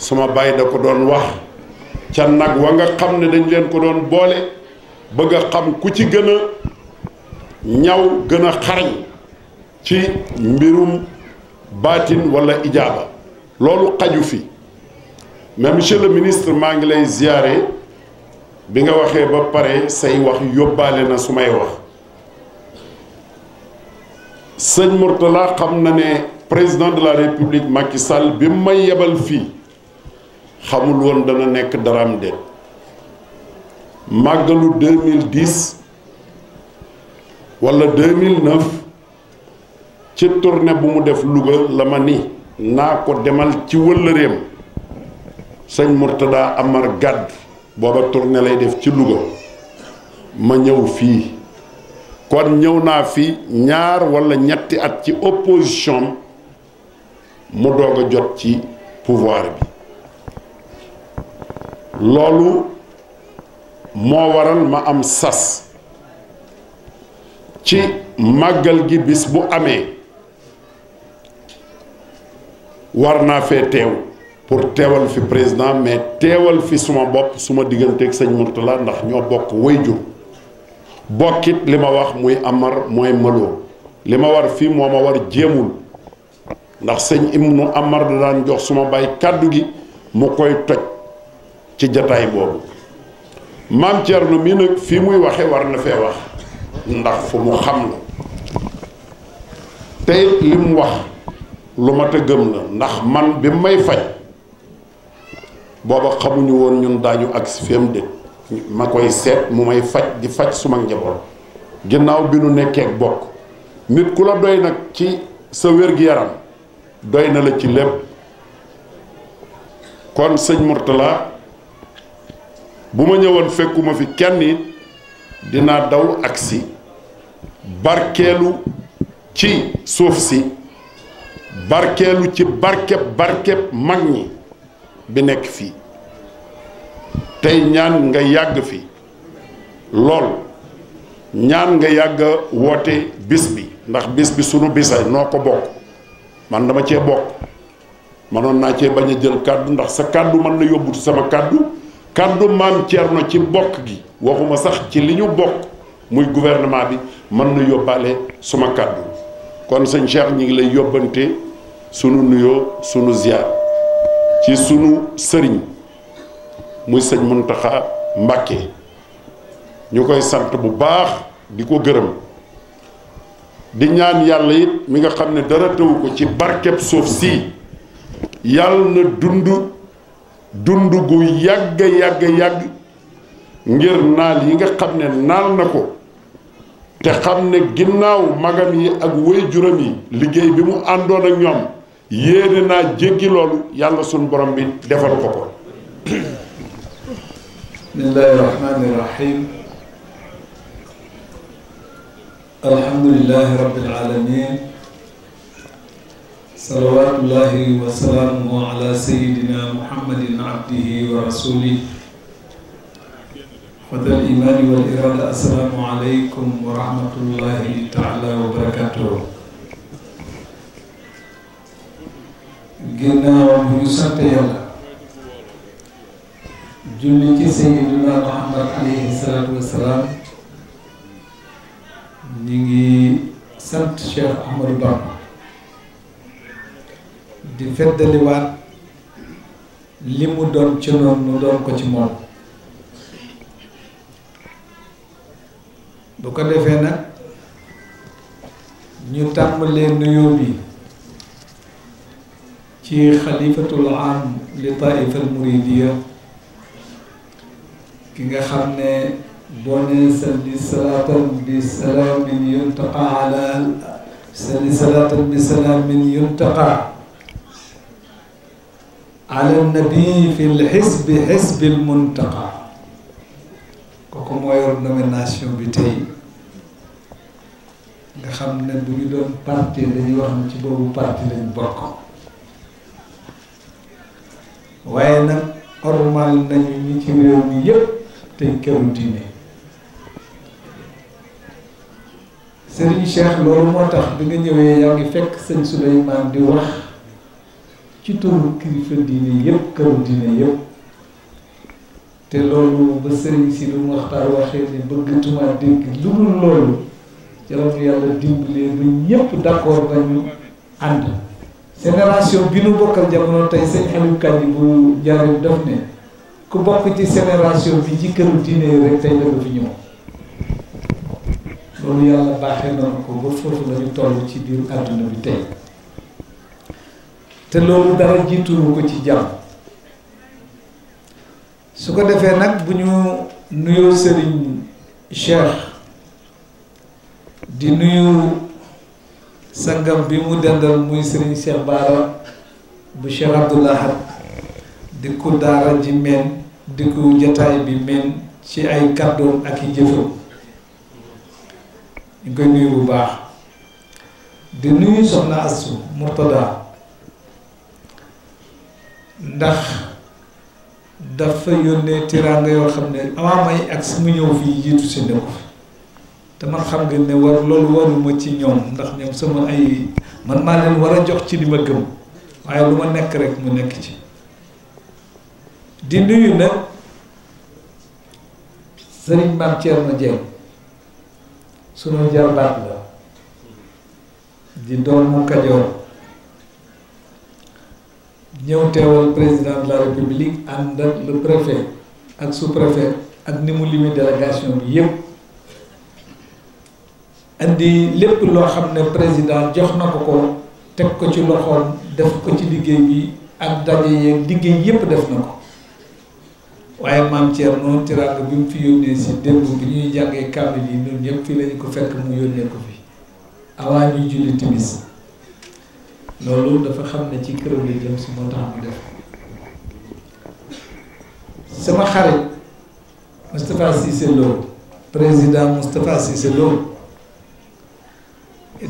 suma baay da ko doon wax ca nag wa nga xam ne dañ leen ko doon boole bëgg a xam ku ci gën a ñaw gën a xarañ ci mbirum baatin wala ijaaba loolu xaju fi mais monsieur le ministre maa ngi lay ziyaare bi nga waxee ba pare say wax yóbbaale na su may wax sëñ Mourtala xam na ne président de la république Macky Sall bi mu may yebal fii xamul woon dana nekk daraam déet màggalu 2010 wala 2009 ci tournée bu mu def Louga la ma ni naa ko demal ci wëllëreem sëñ Mourtada Amar Gadd booba tournée lay def ci Louga ma ñëw fii kon ñëw naa fi ñaar walla ñetti at ci opposition mu doog a jot ci pouvoir bi loolu moo waral ma am sas ci màggal gi bis bu amee war naa fee teew pour teewal fi président mais teewal fi suma bopp suma digganteeg sëñ Mourtala ndax ñoo bokk wayjur bokkit li ma wax muy Amar mooy Malo li ma war fii moo ma war jéemul ndax sëñ Ibnu Amar da daan jox suma baay kàddu gi mu koy toj ci jataay boobu maam Thierno mi nag fii muy waxe war na fee wax ndax fu mu xam na tey li wax lu mat a gëm la ndax man bi may faj booba xamuñu woon ñun daañu ak si fem ma koy seet mu may faj di faj suma njaboot ginnaaw bi nu nekkee bokk nit ku la doy nag ci sa wér-gi-yaram doy na la ci lépp kon sëñ Mourtala Buma ma ñëwoon fekkuma fi kenn it dinaa daw agsi barkeelu ci suuf si barkeelu ci barkeb barkeb mag ñi bi nekk fii tey ñaan nga yàgg fi lool ñaan nga yàgg woote bis bi ndax bis bi sunu bisay noo ko bokk man dama cee bokk manoon naa cee bañ a jël kàddu ndax sa kàddu man na sama kàddu kàddu maam Thierno ci bokk gi waxuma sax ci li ñu bokk muy gouvernement bi mën na yóbbaale suma kàddu kon sëñ Cheikh ñi ngi lay yóbbante sunu nuyoo sunu ziar ci sunu sëriñ muy sëñ Muntaxa Mbàkke ñu koy sant bu baax di ko gërëm di ñaan yàlla it mi nga xam ne dara tëwu ko ci barkeb suuf si yàlla na dund dund gu yàgg yàgg yàgg ngir naal yi nga xam ne naal na ko te xam ne ginnaaw magam yi ak waajuram yi liggéey bi mu àndoon ak ñoom yéene naa jéggi loolu yàlla sunu borom bi defal ko ko bismillahi rahmani alhamdulillahi rabbil alamin صلوات الله وسلامه على سيدنا محمد عبده ورسوله وذا الإيمان والإرادة السلام عليكم ورحمة الله تعالى وبركاته جنا ومحسن تيالا جنك سيدنا محمد عليه الصلاة والسلام نيجي سنت شيخ عمر بن di feddaliwaat li limu don ci non mu don ko ci mom bu ko defé nak ñu tambalé nuyo bi ci khalifatul am li al muridiya ki nga xamné bonne boo nee salli salaatan bi salaamin yuntaqa ala salli salaatan bi salam min yuntaqa على النبي في الحزب حسب المنتقى كوكو يرد من ناسيون بتي دا خامن بني دون بارتي دا ني واخ نتي بوبو بارتي لا نبوك واي نا اورمال ناني ني تي ريو مي ييب تي كيو ديني سيرني شيخ لولو موتاخ بيغا نيوي ياغي فك سن سليمان دي واخ ci turu kilifa diine yëpp këru diine yëpp te loolu ba sëriñ si lu waxtaan waxee ne bëggatumaa dégg lu dul loolu ci la ñu yàlla dimbalee ba ñëpp d'accord ñu ànd génération bi nu bokkal jamono tey sëñ Aliou Kandji bu jaaree daf ne ku bokk ci génération bi ci këru diine rek tey la fi ñëw loolu yàlla baaxee na ko ba foofu la ñu toll ci biir àdduna bi tey te loolu dara jiituwu ko ci jàmm su ko defee nag bu ñu nuyoo sëriñ Cheikh di nuyu sangam bi mu dendal muy sëriñ Cheikh Baara bu Cheikh abdullah di ku daara ji meen di ku jataay bi meen ci ay kàddoom ak i jëfam ñu koy nuyu bu baax di nuyu soxna Asu Murtada ndax dafa yónnee tiraanga yoo xam ne avant ak su mu ñëw fii jiitu si ne te man xam nga ne war loolu waruma ci ñoom ndax ñoom sama ay man maa leen war a jox ci li ma gëm waaye lu ma nekk rek mu nekk ci di nuyu nag sëriñ maam Thierno Dieng sunu jarbaat la di doomu Kajoor ñëw teewal président de la république ànd ak le préfet ak su préfet ak ni mu limi délégation bi yëpp andi lépp loo xam ne président jox na ko ko teg ko ci loxoom def ko ci liggéey bi ak daje yeeg liggéey yëpp def na ko waaye maam Thierno tiraanga bi mu fi yónnee si démb bi ñuy jàngee kamil yi ñun ñëpp fii lañu ko fekk mu yónnee ko fi avant ñuy julli timis loolu dafa xam ne ci këram la jëm si moo tax mu def sama xarit Moustapha Cissé Lo président Moustapha Cissé Lo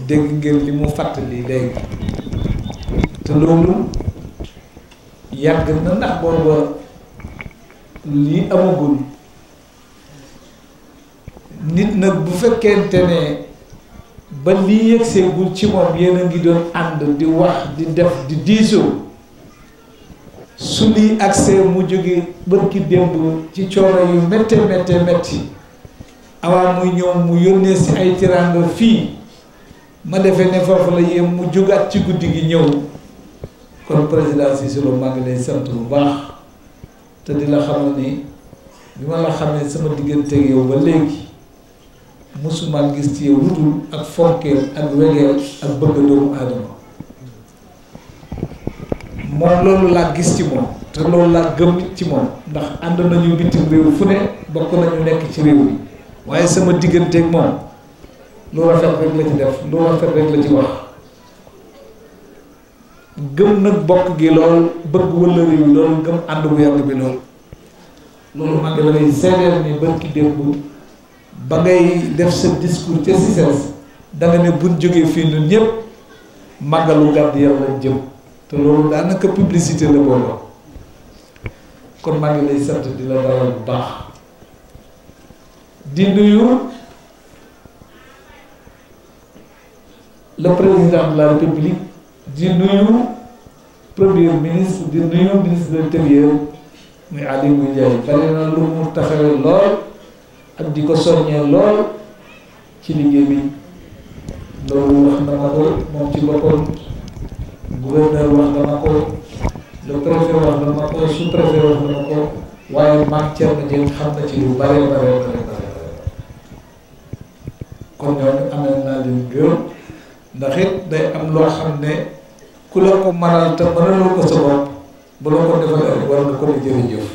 dégg ngeen li mu fàttali léegi te loolu yàgg na ndax booba lii amagul nit nag bu fekkente ne ba li gul ci mom yeena diwah ngi doon and di wax di def di diso suli lii mu jóge barki démb ci coono yu métte métte metti awa mu ñoom mu yónnee si ay tiranga fi ma defé ne fofu la yem mu jogat ci guddi gi kon président ci solo ma ngi lay sant bu baax te di la xamal ni la xamee sama digënté yow ba légui musuma gis ci yow ludul ak fonkeel ak wegeel ak bëgg doomu aadama moom loolu laa gis ci moom te loolu laa gëm ci moom ndax ànd nañu nit réew fu ne bokk nañu nekk ci réew yi waaye sama digganteeg moom lu rafet rek la ci def lu rafet rek la ci wax gëm nag bokk gi lool bëgg wala réew lool gëm ànd bu yàgg bi lool loolu ma ngi lay seedeel ni barki démb ba ngay def sa discours ci sel da nga ne buñ joggé fi ñun ñëpp magalu gadd yalla jëm té loolu da naka publicité la boobu kon ma ngi lay sant di la dalal bu baax di nuyu le président de la république di nuyu premier ministre di nuyu ministre de l'intérieur muy ali Ngouille Ndiaye bari na lu mu taxawé lool ak eh, di ko soññee lool ci liggéey bi loolu wax na ma ko moom ci boppam gouverneur wax na ma ko le préfet wax na ma ko sous préfet wax na ma ko waaye maag Thierno Dieng xam na ci lu bare bare bare bare kon ñooñu amee naa leen gërëm ndax it day am loo xam ne ku la ko te ko sa bopp bu la ko war nga ko di jërëjëf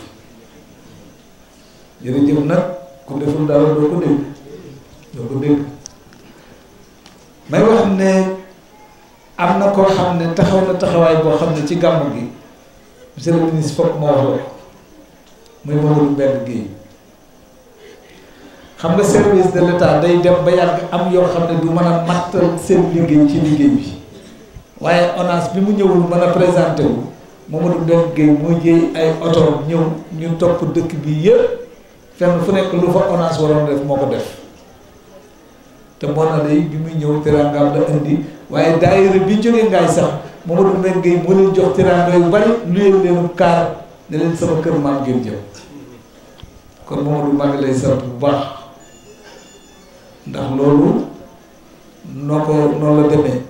jërëjëf nag ku deful dara doo ko dégg doo ko dégg may wax ne am na ko xam ne taxaw na taxawaay boo xam ne ci gàmmu gi monsieur le ministre foog ma wax muy Mamadou Mbène Guèye xam nga service de l'état day dem ba yàgg am yoo xam ne du mën a mattal seen ci liggéey bi waaye ONAS bi mu ñëwul mën a présenté wu Mamadou Mbène Guèye moo jëy ay oto ñëw ñu topp dëkk bi yëpp fenn fu nekk lu fa ONAS waroon def moo ko def te Mawla day bi muy ñëw teraangaam la indi waaye daayira bi jógee ngaay sax Mamadou Mbène Gueye moo leen jox teraanga yu bari luyeel leen sama kër maam ngeen jëm kon Mamadou maa ngi lay sant bu baax ndax loolu noo ko noonu la demee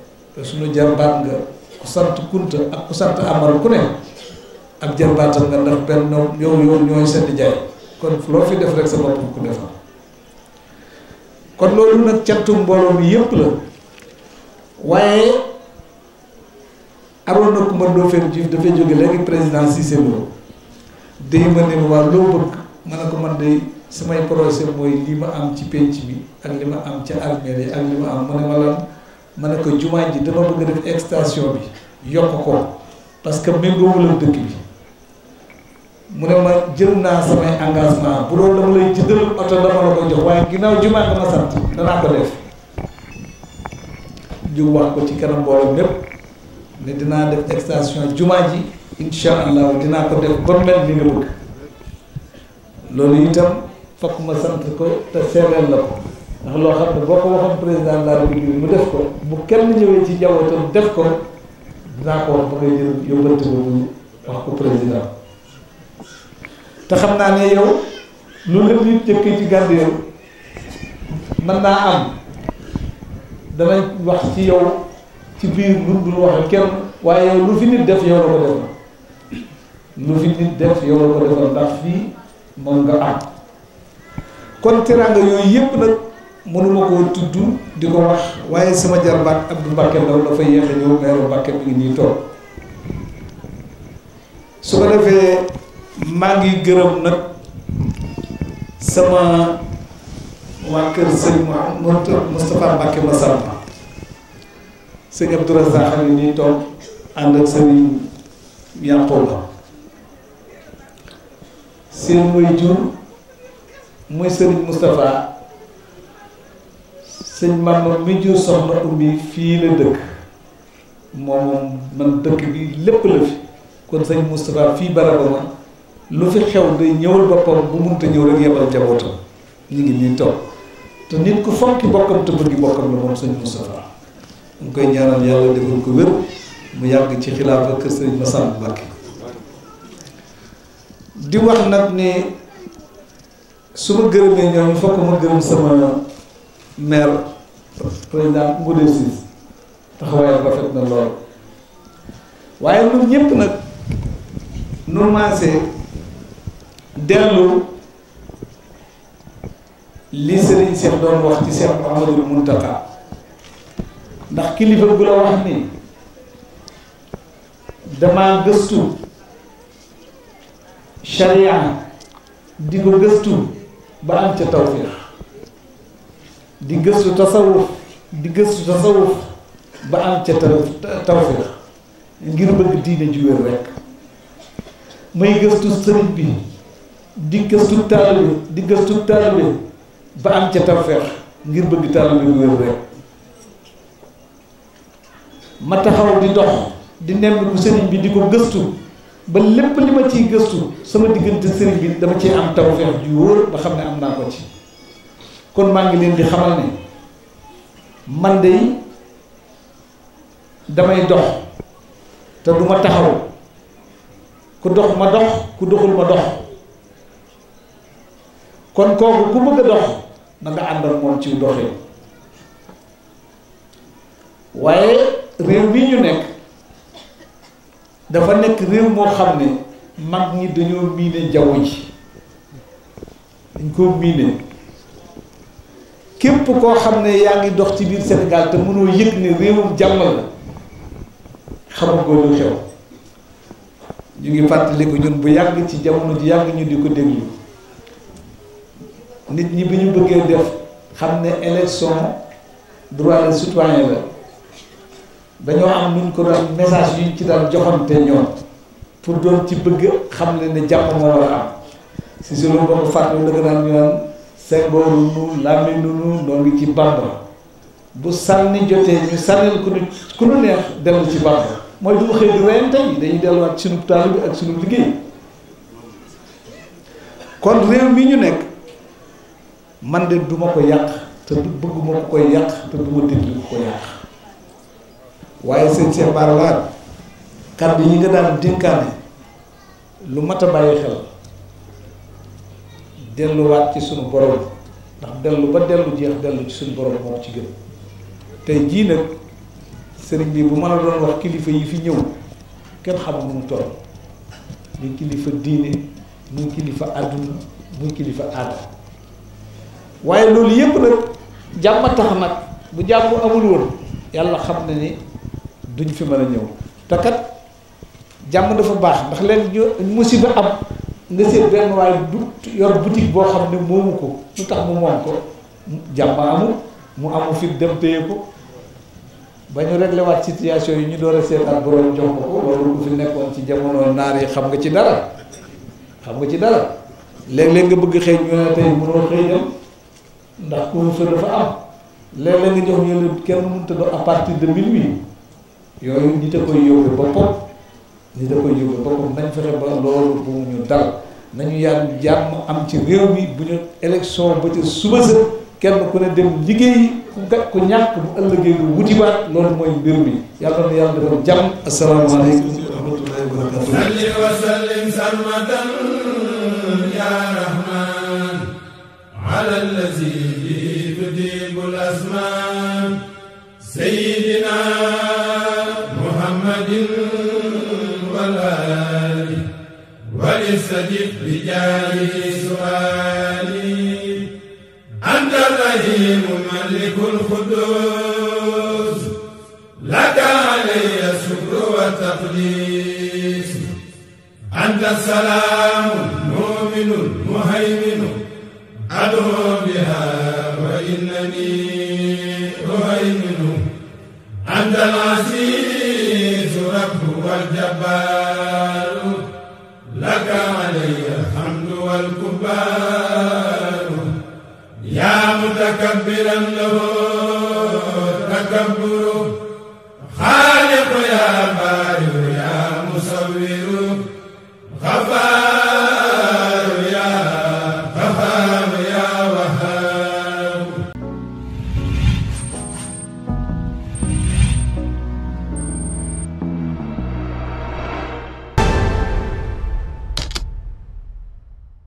suñu jarbaat nga ku sant Kunta ak ku sant Amar ku ne ak jarbaatam nga ndax benn yow yow ñooy seen jaay. kon loo fi def rek sa bopp ko defal kon loolu nag cantu mbooloo mi yëpp la waaye aroon na Coumba Ndoffène Diouf dafay jóge léegi président Cissé Lo day ma ne waa loo bëgg ma na ko man de samay projet mooy lii ma am ci penc bi ak li ma am ca armée yi ak li ma am ma ne ma lan ne ko jumaa ji dama bëgg a def extension bi yokk ko parce que méngoowul dëkk bi mu ne ma jël naa samay engagement bu doon dama lay jëndal oto dama la ko jox waaye ginnaaw jumaa nga ma sant danaa ko def ko ci kanam mbooloo ñépp ne dinaa def extension jumaa ji incha allah dinaa ko def ba mel li nga bëgg loolu itam fokk ma sant ko te seereel la ko ndax loo xam ne boo ko waxoon président de la république mu def ko bu kenn ñëwee ci njabootam def ko dinaa ko wax ba ngay jël yóbbante boobu wax ko président te xam naa ne yow loolu la nit jëkkee ci gàdd yow mën naa am danañ wax ci yow ci biir lu dul wax kenn waaye yow lu fi nit def yow la ko defal lu fi nit def yow la ko defal ndax fii moom nga am kon teranga yooyu yépp nag mënuma koo tudd di ko wax waaye sama jarbaat Abdou Mbacke Ndaw dafa yéex a ñëw meeru Mbacke mi ngi nii toog su ko defee maa ngi gërëm nag sama waa kër sëñ Moustapha Mbacke Massamba sëñ Abdou Razak yi ñuy toog ànd ak sëñ Yanqooba seen way jur muy sëriñ Moustapha sëñ Mamadou mi jur soxna ummi fii la dëkk moom man dëkk bi lépp la fi kon sëñ Moustapha fii barabama lu fi xew day ñëwal boppam bu munta ñëw rek yebal njabootam ñu ngi nii toog te nit ku fonki bokkam te bëgg bokkam la moom sëñ Moustapha mu koy ñaanal yàlla defal ko wér mu yàgg ci xilaafa kër sëñ Massamba Mbacké di wax nag ni su ma gërëmee ñoom fokk ma gërëm sama maire président Ngoude Cissé taxawaayam rafet na lool waaye ñun ñëpp nag nu dellu li sëriñ Cheikh doon wax ci Cheikh Mouhamadul Mountakha ndax kilifa bu la wax ni dama gëstu sharia di ko gëstu ba am ca tawfiix di gëstu tasawuf di gëstu tasawuf ba am ca tawfiix ngir bëgg diine ju wér may gëstu sëriñ bi di gëstu taalibe di gëstu taalibe ba am ca tawfeex ngir bëgg taalibe bu wér rek ma taxaw di dox di bi di gëstu ba lépp li gëstu sama diggante sëriñ bi dama ciy am tawfeex ju wóor ba xam am ko ci kon maa ngi leen di xamal ne man de damay dox te du taxaw ku dox ma dox ku doxul ma dox kon koku ku bëgg dox na nga ànd ak moom ci doxé waye réew mi ñu nekk dafa nekk réew moo xam ne mag ñi dañoo miine jaww ji dañ koo miine képp koo xam ne yaa ngi dox ci biir Sénégal te mënoo yëg ne réewum jàmm la xamagoo lu xew ñu ngi fàttaliku ñun bu yàgg ci jamono ji yàgg ñu di ko déglu. nit ñi bi ñu bëggee def xam ne élection droit de citoyen la dañoo am nuñ ko doon message yuñ ci daan joxante ñoom pour doon ci bëgg xam ne ne jàmm moo am si solo ba mu fàttali dëgg daan ñu naan Senghor nu Lamine nu ngi ci Bamba bu sànni jotee ñu sànnil ku nu ku nu neex dellu ci Bamba mooy du xëy du reyante yi dañuy delluwaat suñu taal bi ak suñu liggéey kon réew mi ñu nekk. man de du ma ko yàq te du bëgguma ko koy yàq te du ma déglu ko ko yàq waaye seen Cheikh Bara Lahad kàddu yi nga daan dénkaane lu mat a bàyyi xel delluwaat ci suñu borom ndax dellu ba dellu jeex dellu ci suñu borom moo ci gën tey jii nag sëriñ bi bu mën a doon wax kilifa yi fi ñëw kenn xamul nu mu toll muy kilifa diine muy kilifa àdduna muy kilifa aada waaye loolu yëpp nag jàmm tax nag bu jàmm amul woon yàlla xam na ni duñ fi mën a ñëw te kat jàmm dafa baax ndax leen ñu musiba am nga si benn waaye du yor boutique boo xam ne moomu ko lu tax mu moom ko jàmm amul mu amu fi dem téye ko ba ñu réglé waat situation yi ñu door a seetaan borom jox ko loolu ku fi nekkoon ci jamono naar yi xam nga ci dara xam nga ci dara léeg-léeg nga bëgg xëy ñu ne tey mënoo xëy dem. ndax conso dafa am léeg-léeg nga jox ñu ne kenn mënut a dox à partir de minuit yooyu nit a koy yóbbu boppam nit a koy yóbbu boppam nañ fexe ba loolu bu ñu dal nañu yàlla jàmm am ci réew mi bu ñu élection ba ci suba si kenn ku ne dem liggéey ku gàtt ku ñàkk bu ëllëgee nga wutiwaat loolu mooy mbir mi yàlla na yàlla defal jàmm asalaamaaleykum wa rahmatullahi wa فاستجب رجالي سؤالي أنت الرحيم ملك القدوس لك علي الشكر والتقديس أنت السلام مؤمن مهيمن أدعو بها وإنني أهيمن أنت العزيز متكبرا له تكبره